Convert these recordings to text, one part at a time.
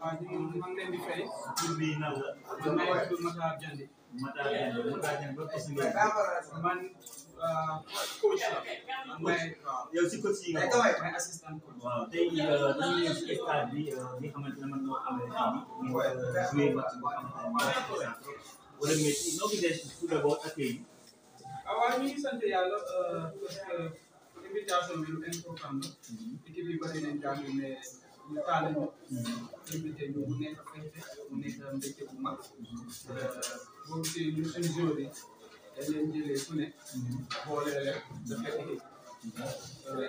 waaw ñu ngi maa ngi leen di fay. tur bi nan la. man maa ngi tudd Matar Diané. Matar Diané Matar Diané ba coach nga. man uh, coach la. man yow si coach yi nga ko. man assistant coach. waaw tey dañu uh, ñëw si stade bi li uh, xamante ne man moo amee xam ni ñu joué match boo xamante ne maa ngi wala métti noo gisee tout d'abord accueil yi. Ah, waaw ñu ngi sant yàlla parce que invitation bi lu important la. Mm-hmm. équipe yi bari nañ jàng mais. ñu taale ñu invité ñu mu nekk fête mu nekk mbégte bu mag boo gisee ñu suñu joueurs yi dañ leen jëlee ku ne boole leen dafay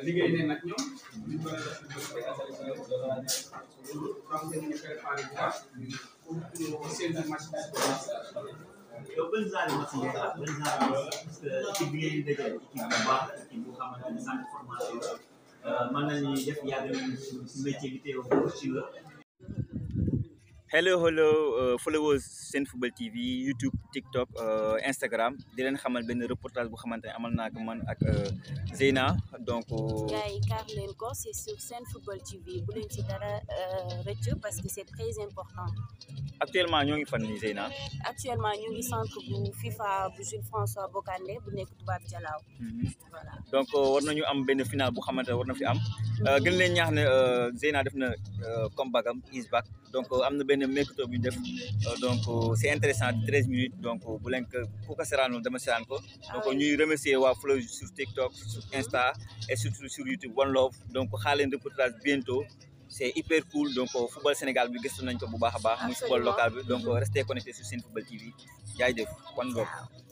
liggéey ne nag ñoom ñu mën a def ñu ñu préparé bu baax pour pour seen match yow ban genre match ngeen def ban genre parce que équipe bi ngeen di dajale équipe bu baax équipe bu xamante ne sànq formation mën nañu def yàgg nañu métier bi te yow coach hello hello euh, followers football TV YouTube TikTok euh, Instagram di leen xamal benn reportage bu xamante ne amal naa man ak euh, Zeyna donc. gars car kaar leen ko c'est sur Senfootball TV bu leen ci dara rëcc parce que c'est très important. actuellement ñoo ngi fan nii Zeyna. actuellement ñu ngi centre bu FIFA bu Jules François Bocandé bu nekk Toubab Dialaw. Mhm. voilà donc war nañu am benn final bu xamante ne war na fi am. gën leen ñaax ne Zeyna def na comeback am donc euh, am na benn mercato bu ñu def euh, donc euh, c' intéressant 13 minutes donc bu leen ko ku ko seeraanul dama seeraan ko donc ah. ñuy remercier waa Flow sur TikTok sur Insta et surtout sur YouTube One Love donc xaar leen reportage bientôt c'est hyper cool donc football Sénégal bi gëstu nañ ko bu baax baax muy football local bi donc mm-hmm. restez connectés sur Football TV jaay def One Love